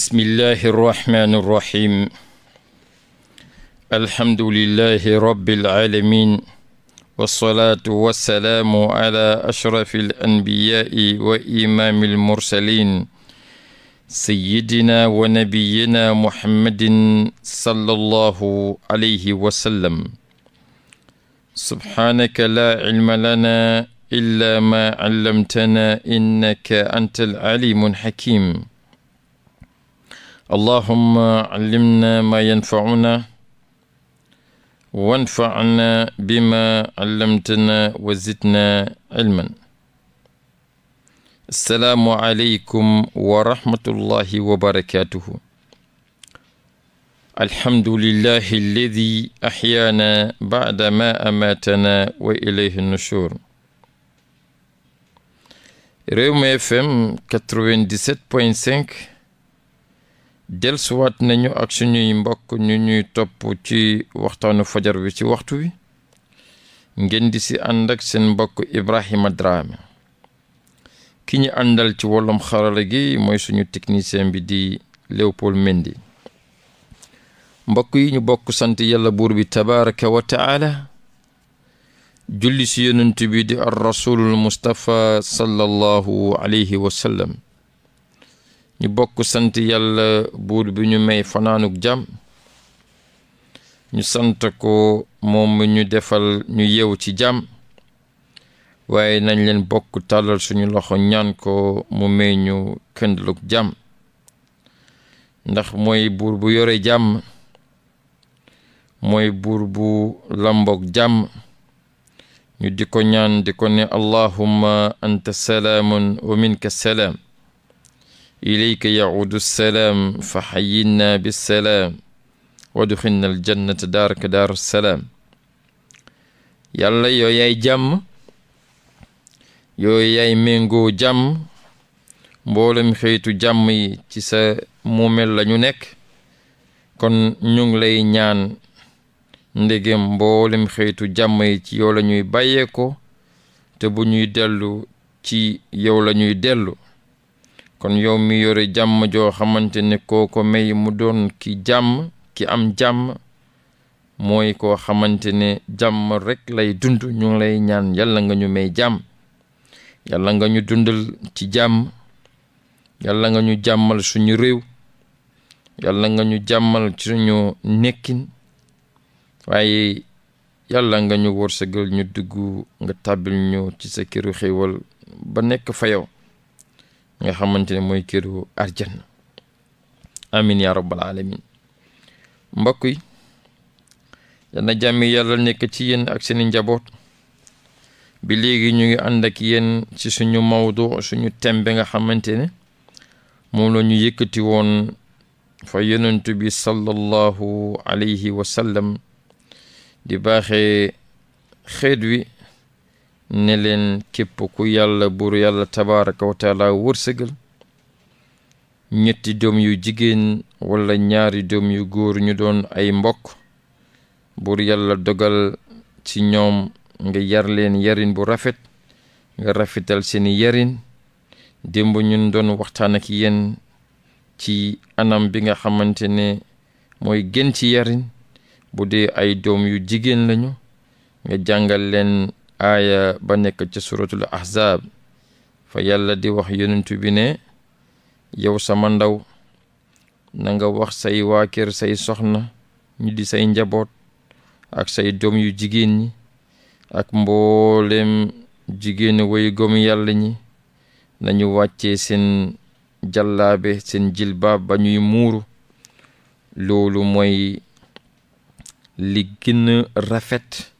بسم الله الرحمن الرحيم الحمد لله رب العالمين والصلاة والسلام على أشرف الأنبياء وإمام المرسلين سيدنا ونبينا محمد صلى الله عليه وسلم سبحانك لا علم لنا إلا ما علمتنا إنك أنت العليم الحكيم allahumma callimna maa yanfacuna wanfacna bimaa callamtana wa zidna cilman asalaamu aleykum wa rahmatullahi wa barakaatuhu alhamdulillahi alladi axyaana bacda ma amaatana wa ilayhi nushur Rewmi FM 97.5 delsuwaat nañu ak suñuy mbokk ñu ñuy topp ci waxtaanu fajar wi ci waxtu wi ngeen di si ànd ak seen mbokk Ibrahima Drame ki ñu àndal ci wàllum xarala gi mooy suñu technicien bi di Léopold Mendy mbokk yi ñu bokk sant yàlla buur bi tabaraka wa taala julli si yonent bi di ar rasulul mustapha sallallahu alayhi ñu bokk sant yàlla buur bi ñu may fanaanuk jàmm ñu sant ko moom ñu defal ñu yeew ci jàmm waaye nañ leen bokk tàllal suñu loxo ñaan ko mu may ñu këndaluk jàmm ndax mooy buur bu yore jàmm mooy buur bu làmboog jàmm ñu di ko ñaan di ko ne allahumma anta salaamun wa minka salaam ilayka yacuudu salaam fa xayinnaa bisalaam wadoxinna al jannata daaraka daaru salaam yàlla yoo yaay jàmm yoo yaay méngoo jàmm mboolem xeetu jàmm yi ci sa muumel la ñu nekk kon ñu ngi lay ñaan ndegem mboolem xeetu jàmm yi ci yow la ñuy bàyyee ko te bu ñuy dellu ci yow la ñuy dellu kon yow mi yore jàmm joo xamante ne koo ko may mu doon ki jàmm ki am jàmm mooy koo xamante ne jàmm rekk lay dund ñu ngi lay ñaan yàlla nga ñu may jàmm yàlla nga ñu dundal ci jàmm yàlla nga ñu jàmmal suñu réew yàlla nga ñu jàmmal suñu nekkin waaye yàlla nga ñu wërsëgal ñu dugg nga tàbbil ñu ci sa këru xéewal ba nekk fa yow nga xamante ne mooy këru arjanna amin ya rabbal alamin mbokk yi dana jàmmi yàlla nekk ci yéen ak seeni njaboot bi léegi ñu ngi ànd ak yéen ci suñu mawdu suñu tembe nga xamante ne moom la ñu yëkkati woon fa yonent bi sallallahu alayhi wa sallam di baaxee xeet wi ne leen képp ku yàlla buur yàlla tabaraka wa taala wërsëgal ñetti doom yu jigéen wala ñaari doom yu góor ñu doon ay mbokk buur yàlla dogal ci ñoom nga yar leen yarin bu rafet nga rafetal seeni yarin démb ñun doon waxtaan ak yenn ci anam bi nga xamante ne mooy gën ci yarin bu dee ay doom yu jigéen lañu nga jàngal leen aaya ba nekk ci suratul ahzaab fa yàlla di wax yonentu bi ne yow sama ndaw na nga wax say waa kër say soxna ñu di say njaboot ak say doom yu jigéen ñi ak mbooleem jigéen way gom yàlla ñi nañu wàccee seen jàllaabe seen jilbaab ba ñuy muuru loolu mooy li gën rafet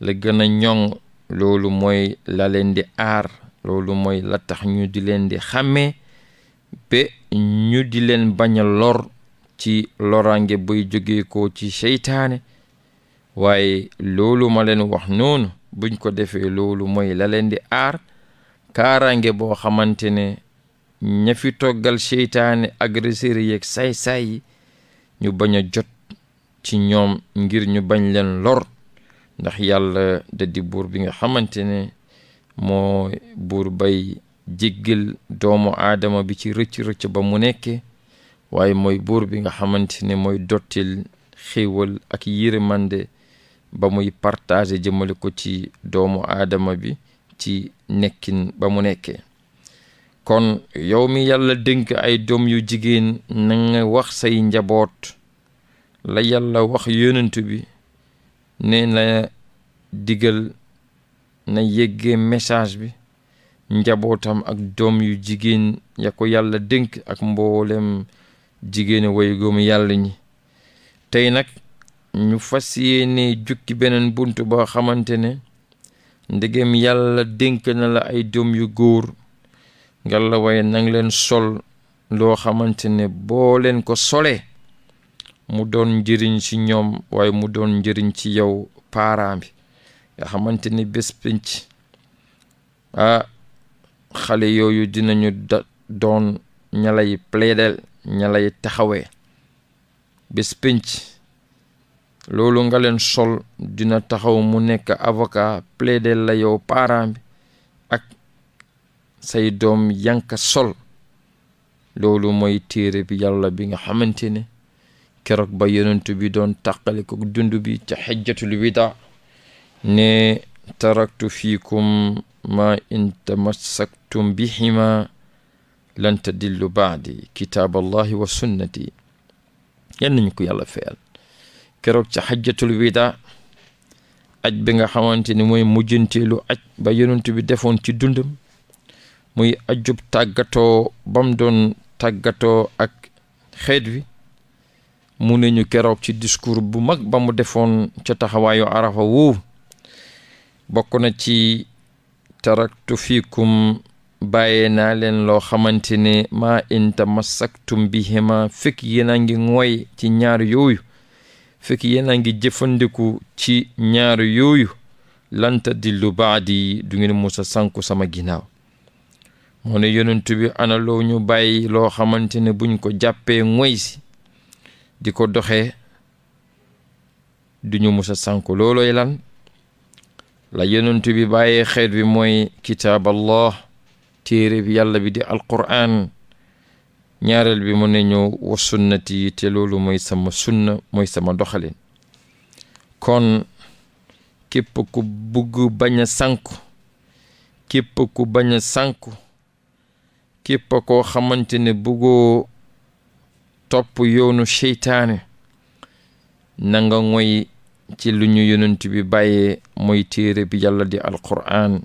la gën a ñoŋ loolu mooy la leen di aar loolu mooy la tax ñu di leen di xàmmee ba ñu di leen bañ a lor ci loraange buy jóge ko ci seytaane waaye loolu ma leen wax noonu buñ ko defee loolu mooy la leen di aar kaaraange boo xamante ne ña fi toggal seytaane agresseur yeeg say saay yi ñu bañ a jot ci ñoom ngir ñu bañ leen lor ndax yàlla da buur bi nga xamante ne moo buur bay jéggal doomu aadama bi ci rëcc-rëcc ba mu nekke waaye mooy buur bi nga xamante ne mooy dottil xéewal ak yërmande ba muy partager jëmmale ko ci doomu aadama bi ci nekkin ba mu nekkee kon yow mi yàlla dénk ay doom yu jigéen na nga wax say njaboot la yàlla wax yonent bi nee na digal na yëggee message bi njabootam ak doom yu jigéen ya ko yàlla dénk ak mboolem jigéen way gëm yàlla ñi tey nag ñu fas yéene jukki beneen bunt boo xamante ne ndegem yàlla dénk na la ay doom yu góor gala la waaye nang leen sol loo xamante ne boo leen ko solee mu doon njëriñ ci ñoom waaye mu doon njëriñ ci yow parent bi nga xamante ni bés pénc xale yooyu dinañu da doon ña lay plaidel ña taxawee bés pénc loolu nga leen sol dina taxaw mu nekk avocat plaidel la yow parent bi ak say doom yanka sol loolu mooy téere bi yàlla bi nga xamante ni keroog ba yonent bi doon tàqale ko dund bi ca xajjatul wida ne taraktu fiikum ma in tamassaktum bihima lan tadillu baadi kitaab allahi wa sunnati yan nañu ko yàlla fayal keroog ca xajjatul wida aj bi nga xamante ni mooy mujjanteelu aj ba yonent bi defoon ci dundam muy ajub tàggatoo bam doon tàggatoo ak xeet wi mu ne ñu keroog ci discours bu mag ba mu defoon ca taxawaayu arafa woowu bokk na ci taraktu fiikum bàyyee naa leen loo xamante ne maa in tamassaktum bihima fekk yéen a ngi ngooy ci ñaar yooyu fekk yéen a ngi jëfandiku ci ñaar yooyu lanta dillu baadi du ngeen musa sanku sama ginnaaw moo ne yonent bi ana ñu bàyyi loo xamante ne buñ ko jàppee ngooy di ko doxee duñu musa sànk loolooy lan la yonent bi bàyyee xeet bi mooy kitaab allah téere bi yàlla bi di alquran ñaareel bi mu ne ñëw wa te loolu mooy sama sunna mooy sama doxalin kon képp ku bugg bañ a sànku képp ku koo xamante ne buggoo topp yoonu seytaane na ngoy ci lu ñu yonent bi bàyyee mooy téere bi yàlla di alquran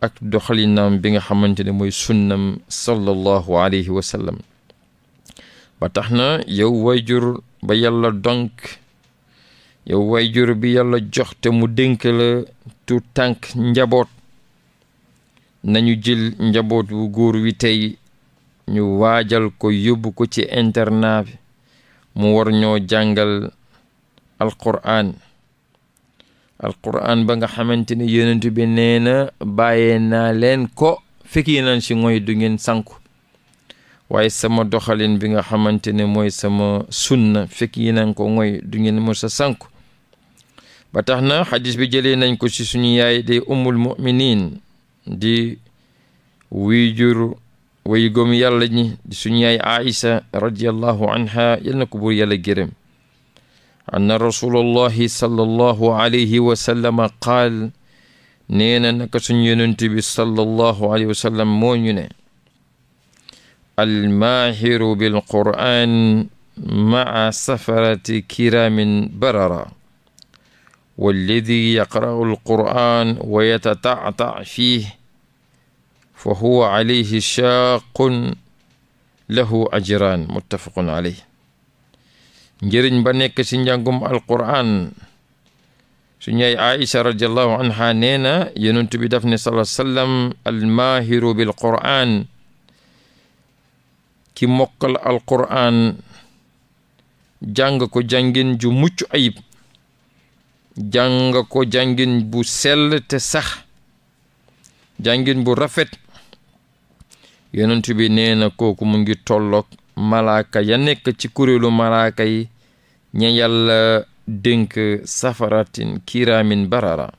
ak doxalinam bi nga xamante ne mooy sunnam sallallahu alayhi wa ba tax na yow wayjur ba yàlla donk yow wayjur bi yàlla jox te mu dénk tu tànk njaboot nañu jël njaboot bu góor wi tey ñu waajal ko yóbbu ko ci internat bi mu war ñoo jàngal alqur'aan alqur'aan ba nga xamante ni yonent bi nee na bàyyee naa leen ko fekki naan si mooy du ngeen sànku waaye sama doxalin bi nga xamante ne mooy sama sunna fekki naan ko mooy du ngeen mos a sànku ba tax na xadis bi jële nañ ko ci suñu yaay day ummul muminin di wiijur way gëm yàlla ñi di suñu yaay aïsa radiallahu anha yal na ko buur yàlla gërëm anna rasulallahi sallallahu alayhi wa sallama qaal nee na naka suñu yonent bi sallallahu alayhi wa sallam moo ñu ne almaahiru bilqur'an maa safarati kiraamin barara walladi yaqra'u alqur'an wa yatata'ta fiihi fa huwa alayhi shaaqun lahu ajraan muttafaqun alayh njëriñ ba nekk ci njàngum alqur'an suñu yaay Aïcha radiallahu anha nee na yonent bi daf ne salaa sallam almaahiru bil ki mokkal alqur'an jàng ko jàngin ju mucc ayib jàng ko jàngin bu sell sax jàngin bu rafet yonent bi nee na kooku mu ngi tolloog malaaka ya nekk ci kuréelu malaaka yi ña yàlla dénk safaratin kiraamin barara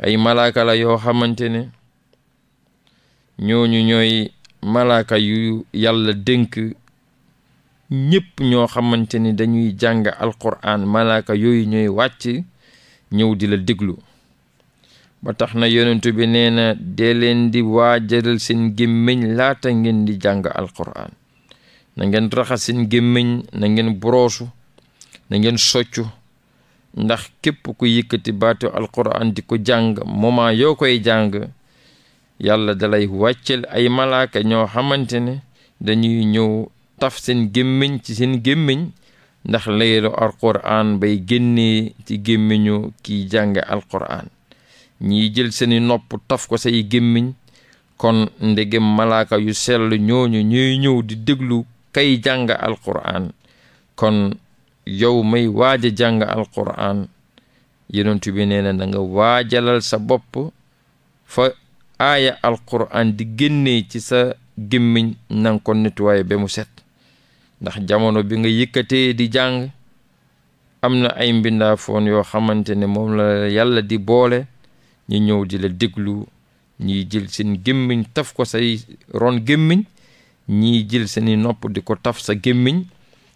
ay malaaka la yoo xamante ne ñooñu ñooy malaaka yu yàlla dénk ñépp ñoo xamante ni dañuy jàng alquran malaaka yooyu ñooy wàcc ñëw di la déglu ba tax na yonentu bi nee na dee leen di waajaral seen gémmiñ laata ngeen di jàng alquran na ngeen raxas seen gémmiñ na ngeen boroosu na ngeen soccu ndax képp ku yëkkati baatu alquran di ko jàng moment yoo koy jàng yàlla dalay wàccel ay malaaka ñoo xamante ne dañuy ñëw taf seen gémmiñ ci seen gémmiñ ndax laylu alquran bay génnee ci gémmiñu kiy jàng alquran ñiy jël seeni nopp taf ko say gémmiñ kon ndegem malaaka yu sell ñooñu ñuy ñëw di déglu kay jàng alquran kon yow may waaja jàng alquran yonent bi nee na da waajalal sa bopp fa aaya alquran di génnee ci sa gémmiñ nanga ko nettoyé ba mu set ndax jamono bi nga yëkkatee di jàng am na ay mbindaafoon yoo xamante ne moom la yàlla di boole ñi ñëw di la déglu ñiy jël seen gémmiñ taf ko say ron gémmiñ ñiy jël seeni nopp di ko taf sa gémmiñ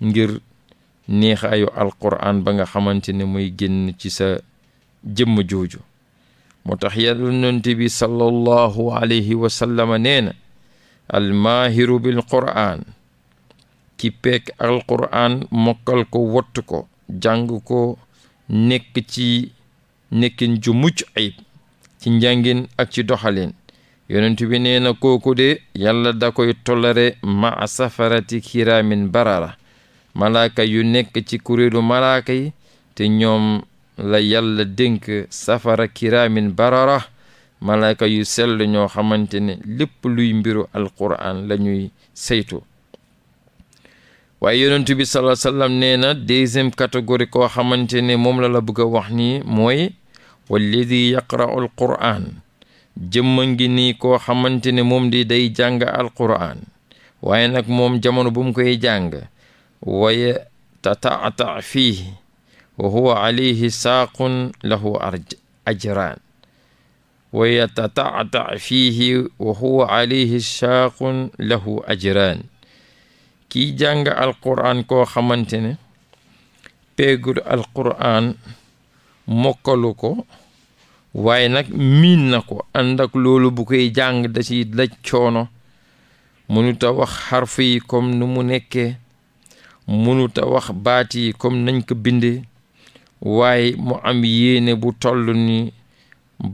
ngir neexaayu alquran ba nga xamante ne muy génn ci sa jëmm jooju moo tax yonent bi sallallahu alayhi wa sallama na almaahiru bil quran ki peek alquran mokkal ko wott ko jàng ko nekk ci nekkin ju mucc ayib ci njàngin ak ci doxalin yonent bi nee na kooku de yàlla da koy tolere ma safarati kiraamin barara malaaka yu nekk ci kuréelu malaaka yi te ñoom la yàlla dénk safara kiraamin barara malaaka yu sell ñoo xamante ne lépp luy mbiru alquran lañuy ñuy saytu waaye yonent bi salaa sallam nee na deuxième catégorie koo xamante ne moom la bëgg wax nii mooy walladi yaqra'u alqur'aan jëmma ngi nii koo xamante ne moom di day jàng alqur'aan waaye nag moom jamono bu mu koy jàng waaye tataata fiihi wa huwa alayhi saaqun lahu ajraan waaye tataata kiy jàng alqur'aan koo xamante ne peegul alqur'aan mokkalu ko waaye nag miin na ko ànd ak loolu bu koy jàng da ci daj coono mënut a wax xarf yi comme nu mu nekkee mënut wax baat yi kom nañ ko bindee waaye mu am yéene bu toll ni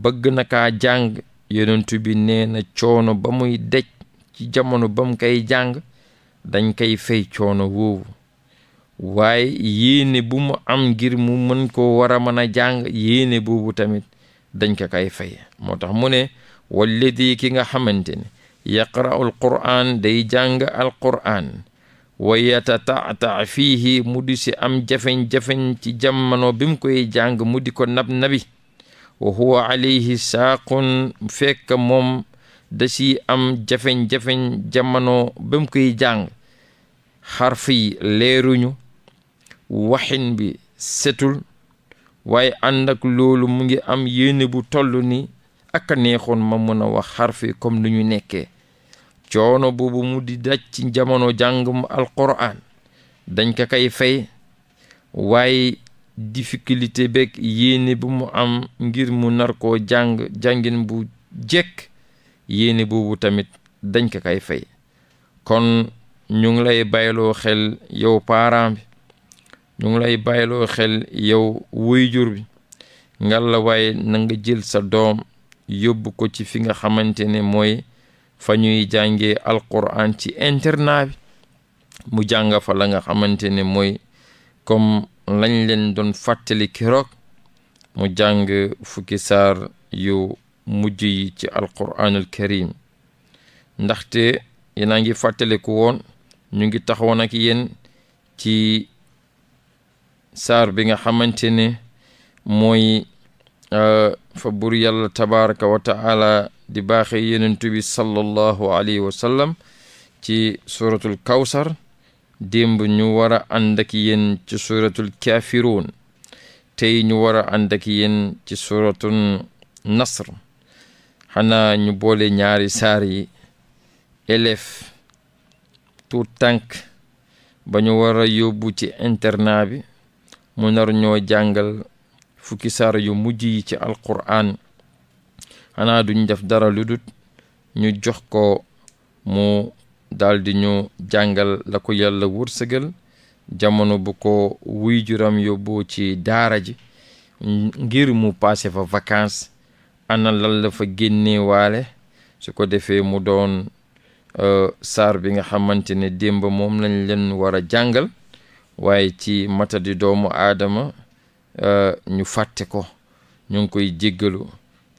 bëgg na kaa jàng yonent bi neena coono ba muy dej ci jamono ba mu koy jàng dañ koy fay coono woowu waaye yéene bu mu am ngir mu mën ko war a mën a jàng yéene boobu tamit dañ ko kay fay moo tax mu ne walladi ki nga xamante ne yaqra'u day jàng al qur'an wa yatataata fiihi mu di si am jafeñ-jafeñ ci jamono bi koy jàng mu di ko nab nabi wa huwa alayhi saaqun fekk moom da si am jafeñ-jafeñ jamono bi koy jàng xarf yi leeruñu waxin bi setul waaye ànd loolu mu ngi am yéene bu toll ni ak a neexoon ma mën a wax xarfi comme lu ñu nekkee coono boobu mu di daj ci jamono jàngum alquran dañ ko kay fay waaye difficulté beeg yéene bu mu am ngir mu nar ko jàng jàngin bu jekk yéene boobu tamit dañ ko kay fay kon ñu ngi lay bayloo xel yow parent bi ñu ngi lay bàyyiloo xel yow wuy jur bi ngal la waaye nanga jël sa doom yóbbu ko ci fi nga xamante ne mooy fa ñuy jàngee alquran ci internat bi mu jàng fa la nga xamante ne mooy comme lañ leen doon fàttali keroog mu jàng fukki saar yu mujj yi ci alquranul karim ndaxte yéen ngi fàttaliku woon ñu ngi taxawoon ak yéen ci saar bi nga xamante ne mooy euh, fa bur yàlla tabaraka wa di baaxe yeneen bi sallallahu alayhi wa sallam ci suratul kawsar démb ñu war a ànd ak yéen ci suratul ñu war a ànd ak ci suratul nasr xanaa ñu boole ñaari saar yi élève tuut ba ñu war a yóbbu ci internat bi mu nar ñoo jàngal fukki saar yu mujj yi ci alquraan xanaa duñ def dara lu ñu jox ko mu daldi ñu jàngal la ko yàlla wërsëgal jamono bu ko wuy juram yóbboo ci daara ji ngir mu passé fa vacances ana lan la fa génnee waale su ko defee mu doon euh, saar bi nga xamante ne démb moom lañ leen war a jàngal waaye ci matadi doomu aadama euh, ñu fàtte ko ñu ngi koy jiggalu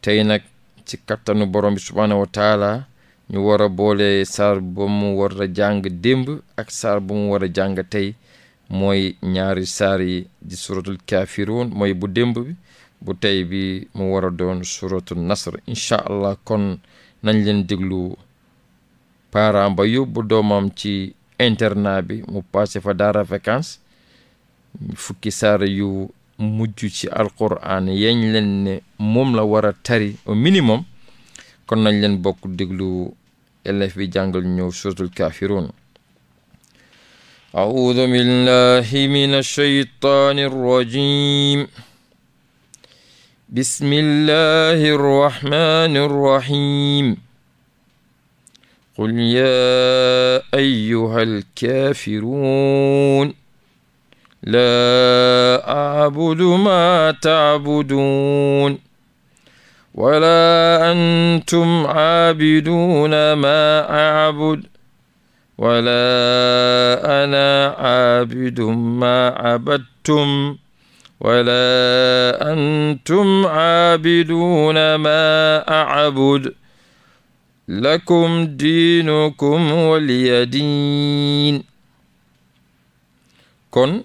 tey nag ci kattanu borom bi subhaanahu taala ñu war a boole saar ba wara war a jàng démb ak saar ba mu war a jàng tey mooy ñaari saar yi di suratul kaafiruun mooy bu démb bi bu tey bi moo war a doon suratul nasr incha allah kon nañ leen déglu parent ba yóbbu doomam ci internat bi mu passé fa daara vacance fukki saar yu mujj ci alquran yañ leen ne moom la war a tari minimum kon nañ leen bokk déglu élève bi jàngal ñëw suratul kafirun أعوذ بالله من الشيطان الرجيم بسم الله الرحمن qul yaa ayyuhal kaafiruun laa a'budu maa ta'buduun walaa antum aabiduuna maa a'bud walaa ana aabidu maa abadtum walaa antum aabiduuna maa a'bud lakum diinukum waliya diin kon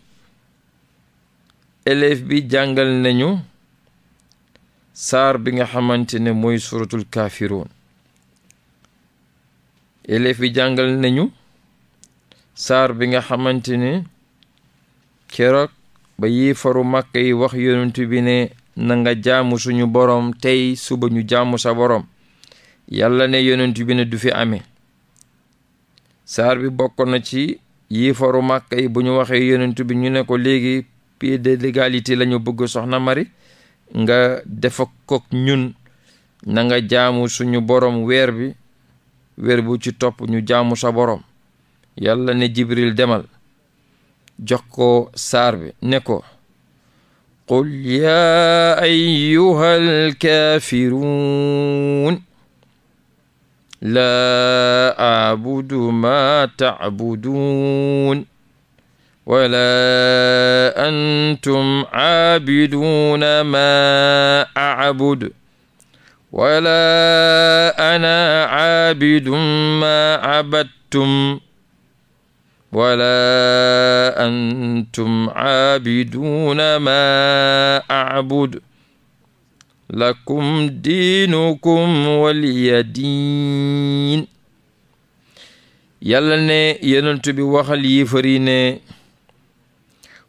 élève bi jàngal nañu saar bi nga xamante ne mooy suratul kaafiroon élève bi jàngal nañu saar bi nga xamante ne keroog ba yéefaru màkk yi wax yonent bi ne na nga jaamu suñu boroom tey suba ñu jaamu sa boroom yàlla ne yonent bi ne du fi amee saar bi bokk na ci yiifaru màkk yi bu ñu waxee yonent bi ñu ne ko léegi pied de l'égalité lañu ñu bëgg soxna Mari nga defok kook ñun na nga jaamu suñu borom weer bi weer bu ci topp ñu jaamu sa borom yàlla ne jibril demal jox ko saar bi ne ko qul yaa kaafiruun laa aabudu maa taabuduun wala antum aabiduuna maa aabudu wala ana aabidun maa abadtum wala antum aabiduuna maa aabudu lakum diinukum waliya diin yàlla ne yenentu bi waxal yéefar yi ne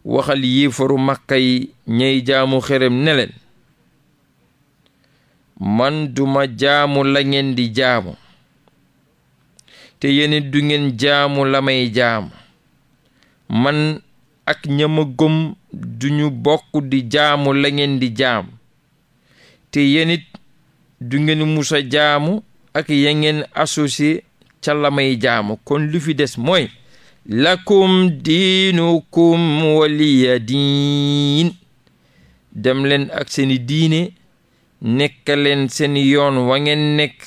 waxal yéefaru màkka yi ñey jaamu xerem ne man duma jaamu la ngeen di jaamu te yenit du ngeen jaamu la may jaamu man ak ñama gëm duñu bokk di jaamu la ngeen di jaamu te yéen it du ngeen musa jaamu ak ya ngeen associé ca la may jaamu kon lu fi des mooy lakum diinukum waliya diin dem leen ak seeni diine leen seeni yoon wa ngeen nekk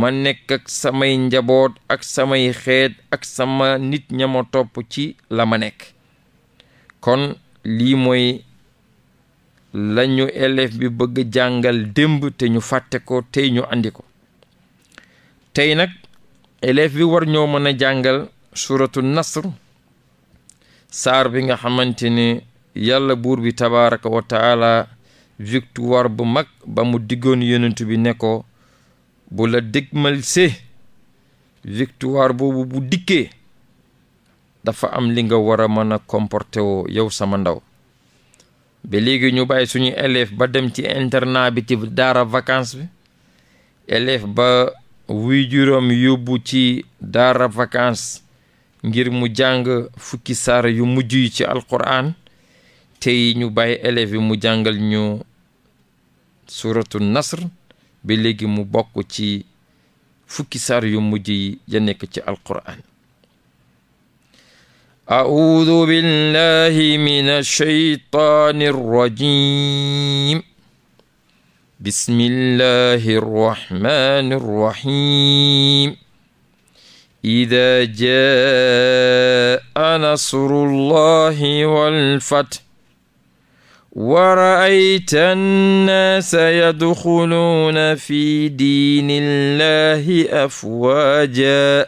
ma nekk ak samay njaboot ak samay xeet ak sama nit ñama topp ci la ma nekk kon lii mooy lañu élève bi bëgg jàngal démb te ñu fàtte ko tey ñu andi ko tey nag élève bi war ñoo mën a jàngal suratu nasr saar bi nga xamante ne yàlla buur bi tabaraka wa victoire bu mag ba mu diggoon yonent bi ne ko bu la dégmal see victoire boobu bu dikkee dafa am li nga war a mën a comporté woo yow sama ndaw bi léegi ñu bàyyi suñu élève ba dem ci internat bi ci daara vacances bi élève ba wuy juróom yóbbu ci daara vacances ngir mu jàng fukki saar yu mujj yi ci alquran tey ñu bàyyi élève yi mu jàngal ñu suratu nasr bi léegi mu bokk ci fukki saar yu mujj yi ya nekk ci alquran أعوذ بالله من الشيطان الرجيم بسم الله الرحمن الرحيم إذا جاء نصر الله والفتح ورأيت الناس يدخلون في دين الله أفواجاً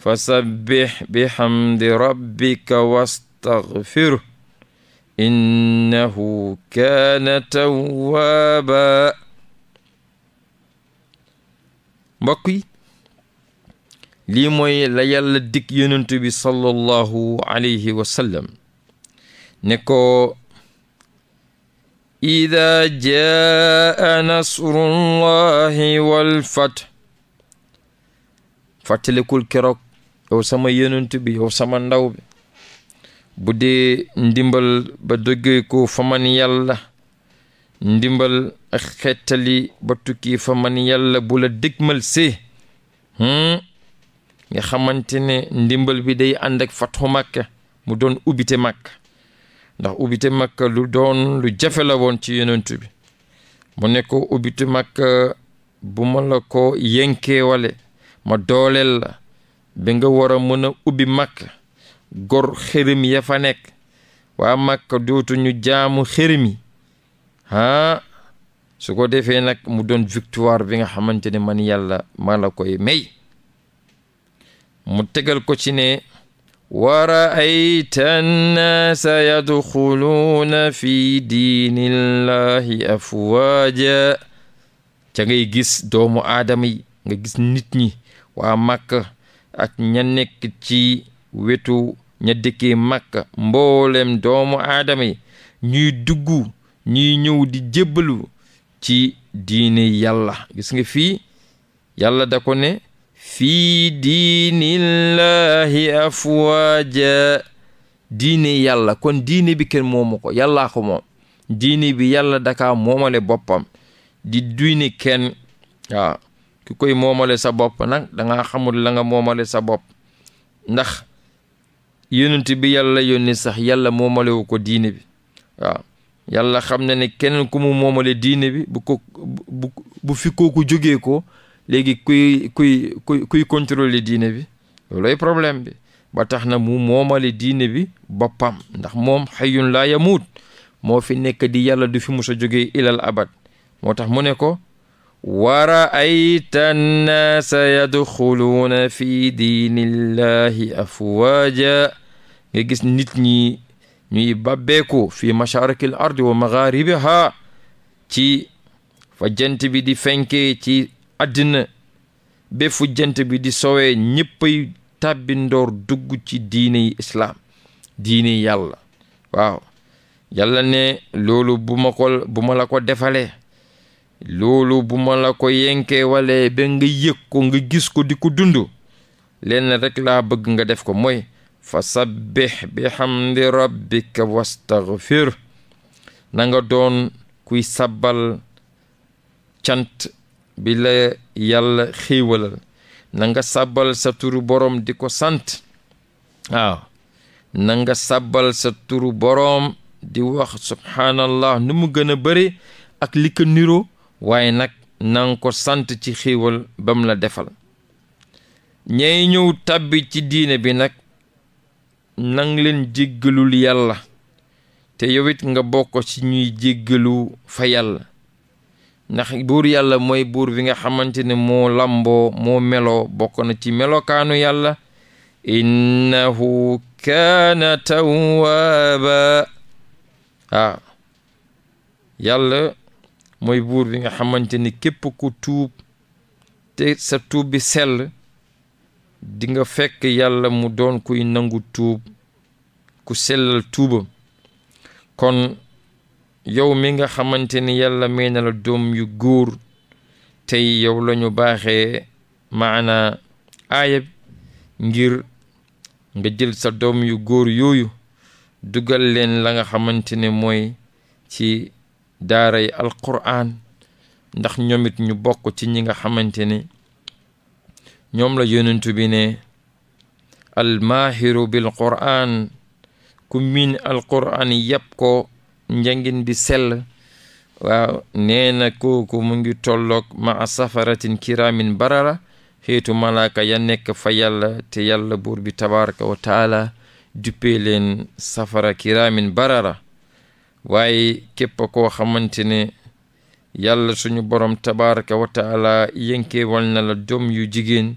fasabbih bihamdi rabbika wastaghfiru innahu kaana tawwaaba mbokk yi lii mooy la yàlla dig yonent bi sallallahu alayhi wa sallam ne ko ida jaa nasrullahi wal fath fàttalikul keroog yow sama yenent bi sama ndaw bi bu dee ndimbal ba dogee ko fa man ndimbal ak xettali ba tukki fa man yàlla bu la dégmal see hmm? nga xamante ne ndimbal bi day ànd ak fatxu màkka mu doon ubbite màkka ndax ubbite màkka lu doon lu jafe la woon ci yenent mu ne ko ubbite màkka bu ma ko yënkeewale ma dooleel la da nga war a mën a ubbi màkk gor xërëm ya fa nekk waa màkk dootuñu jaamu xërëm yi ah su ko defee nag mu doon victoire bi nga xamante ne man yàlla maa la koy may mu tegal ko ci ne waraayta annaasa yadxuluuna fi diinillahi afwaaja ca ngay gis doomu aadama yi nga gis nit ñi waa màkk ak ña ci wetu ña dëkkee Makka mboolem doomu aadama yi ñuy dugg ñuy ñëw di jébbalu ci diine yàlla gis nga fii yàlla da ko ne fii diinillahi afwaaja diine yàlla kon diine bi kenn moomu ko yàllaa ko moom diine bi yàlla dakaa moomale boppam di diine kenn waaw ki koy moomale sa bopp nag danga xamul la nga moomale sa bopp ndax yonent bi yàlla yónni sax yàlla moomalewu ko diine bi waaw yàlla xam na ne keneen ku mu moomale diine bi bu ko bu bu fi kooku jógee ko léegi kuy kuy kuy kuy contrôler diine bi looloy problème bi ba tax na mu moomale diine bi boppam ndax moom xayyun laa yamuut moo fi nekk di yàlla du fi mus a jógee ilal abad moo tax mu ko waraayta annaasa yadxuluuna fi diinillahi afwaaja nga gis nit ñi ñuy bàbbeeku fi masharikil ardi wa magharibiha ci fa jant bi di fenkee ci àddina ba fu jant bi di sowee ñëppay tàbbi dugg ci diiney islaam diiney yàlla waaw yàlla ne loolu bu ma la ko defalee loolu bu ma la ko yenkee wale ba nga yëg ko nga gis ko di ko dund lenn rekk laa bëgg nga def ko mooy fa sabbih bi hamdi rabbika wastaghfir na nanga doon kuy sabbal cant bi la yàlla xéewalal na nga sabbal sa turu boroom di ko sant waaw nga sabbal sa turu boroom di wax subhaanallah nu mu gën a bëri ak li niroo waaye nag nanga ko sant ci xéewal ba la defal ñay ñëw tàbbi ci diine bi nag nang leen jéggalul yàlla te yowit nga bokk ci ñuy jéggalu fa yàlla ndax buur yàlla mooy buur bi nga xamante ne moo lamboo moo meloo bokk na ci melokaanu yàlla innahu kaana tawwaaba ah yàlla mooy buur bi nga xamante ni képp ku tuub sa tuub bi sell di fekk yàlla mu doon kuy nangu tuub ku sellal tuuba kon yow mi nga xamante ni yàlla may na doom yu góor tey yow lañu baaxe maana aaya ngir nga jël sa doom yu góor yooyu dugal leen la nga xamante ne mooy ci daaray alquraan ndax ñoom it ñu bokk ci ñi nga xamante ne ñoom la yonentu bi ne almaahiru bil quraan ku miin alquraan yàpp ko njangin di sel waaw nee na kooku mu ngi tolloog maa safaratin kiraamin barara xeetu malaka ya nekk fa yàlla te yàlla buur bi tabaraka wa taala safara kiraamin barara waaye képp koo xamante ne yàlla suñu borom tabaraka wa taala yënkeewal na la doom yu jigéen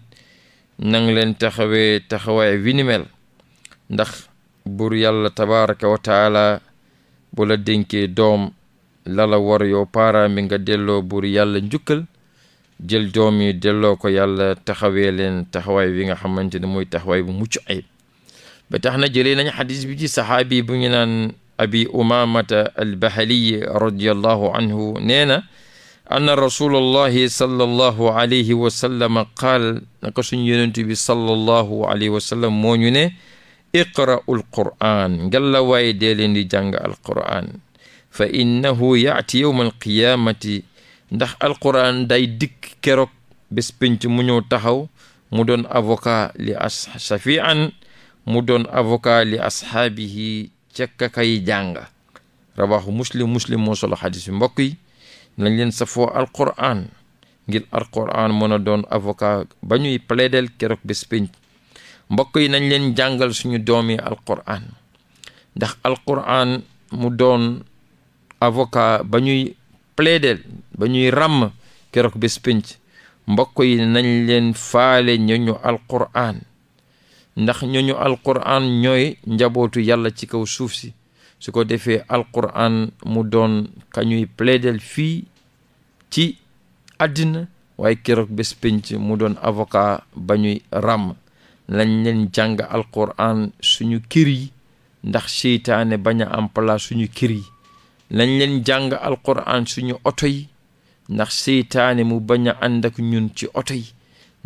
nang leen taxawee taxawaay wi ni ndax buur yàlla tabaraka wa taala bu la dénkee doom lala war yow paara mi nga delloo buur yàlla njukkal jël doom yi delloo ko yàlla taxawee leen taxawaay wi nga xamante ne mooy taxawaay bu mucc ay ba tax na jëlee nañ xadis bi saxaabi bu ñu naan abi umamata albahaliyi radiallahu anhu nee na anna rasulullahi sallallahu alayhi wa sallam qaal naka suñu yonent bi sallallahu alayhi wa sallam moo ñu ne iqra'u alquran ngalla leen di jàng alquran fa innahu ndax alquran day dikk keroog bés mu ñëw taxaw mu doon avocat li as shafian mu ca ka kay jàng rawaxu muslim muslim moo solo xadis bi mbokk yi nañ leen safoo alquran ngir alquran mën a doon avocat ba ñuy plaidel keroog bés pénc mbokk yi nañ leen jàngal suñu doomi alquran ndax alquran mu doon avocat ba ñuy plaidel ba ñuy ràmm keroog bés mbokk yi nañ leen faale ñooñu alquran ndax ñooñu alquran ñooy njabootu yàlla ci kaw suuf si su ko defee alquran mu doon ka ñuy plaidel fii ci àddina waaye keroog bés penc mu doon avocat ba ñuy ràmm lañ leen jàng alquran suñu kër yi ndax seytaane bañ a am place suñu kër yi lañ leen jàng alquran suñu oto yi ndax seytaane mu bañ a ànd ak ñun ci oto yi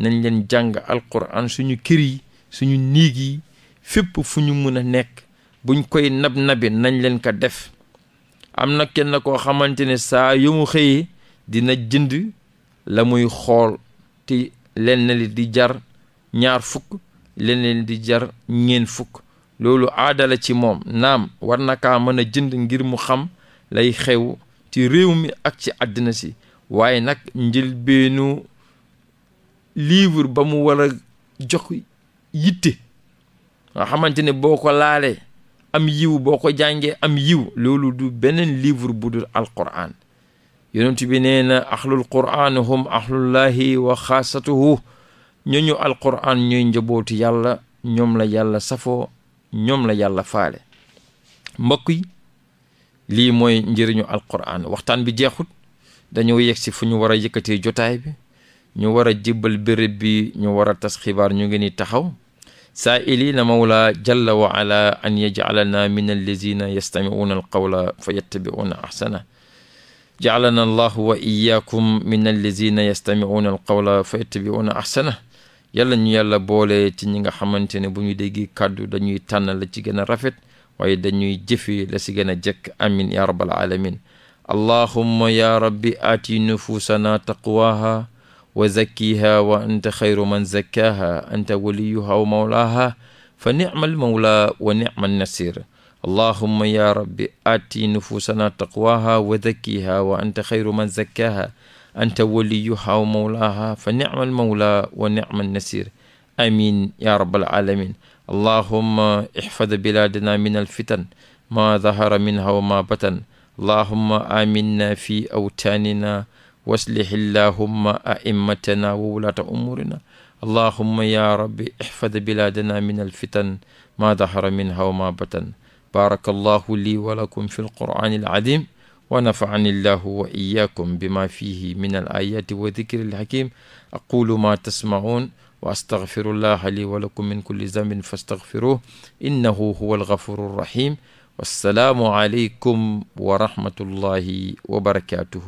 nañ leen jàng alquran suñu kër yi suñu niig yi fépp fu ñu mun a nekk buñ koy nab-nabi nañ leen ko def am na kenn koo xamante ne saa yu mu xëyee dina jënd la muy xool te jar ñaar leneen di jar ñeen fukk loolu aada ci moom naam war na kaa mën a jënd ngir mu xam lay xew ci réew mi ak ci àddina si waaye nag njëlbeenu livre ba mu war jox yitte nga xamante ne boo ko laalee am yiw boo ko jàngee am yiw loolu du beneen livre bu dul alquran yonent bi nee na ahlul quran hum ahlullahi wa xaasatuhu ñooñu alquran ñooy njabootu yàlla ñoom la yàlla safoo ñoom la yàlla faale mbokk lii mooy njëriñu alquran waxtaan bi jeexut dañoo yegg si fu ñu war a yëkkatee jotaay bi ñu war a jibbal béréb bi ñu war a tas xibaar ñu ngi ni taxaw saa ili na mawla jalla wa ala an yajcalana min allazina yastamicuuna alqawla fa yattabicuuna axsana jaclana allahu wa iyaakum min allazina yastamicuuna alqawla fa yattabicuuna axsana yàlla ñu yàlla boole ci ñi nga xamante ne bu ñu déggee kàddu dañuy tànn la ci gën a rafet waaye dañuy jëfee la si gën a jekk amin ya rabbal alamin allahumma ya rabbi aati nufuusanaa taqwaaha wa zakkiha wa anta xayru man zakkaaha anta waliyuha wa mawlaaha fa nicmal mawla wa nicma nasir allahumma ya rabbi aati nufuusanaa taqwaaha wa zakkiha wa anta xayru man zakkaaha anta waliyuha wa mawlaaha fa nicmal mawla wa nicma nasir amin ya rabbal alamin allahumma ixfad bilaadana min alfitan ma dahara minha wa ma batan allahumma aminna fi awtaanina waslih illahumma a'immatana wa wulaata umurina allahumma ya rabbi ihfad bilaadana min alfitan ma dahara minha wa ma batan baraka allahu lii wa lakum fi alqur'ani alazim wa nafa'ani allahu wa iyyakum bima fihi min alayati wa dhikri alhakim aqulu ma tasma'un wa astaghfirullaha li wa lakum min kulli dhanbin fastaghfiruhu innahu huwa alghafuru rahim wassalaamu aleykum wa rahmatullahi wa barakatuhu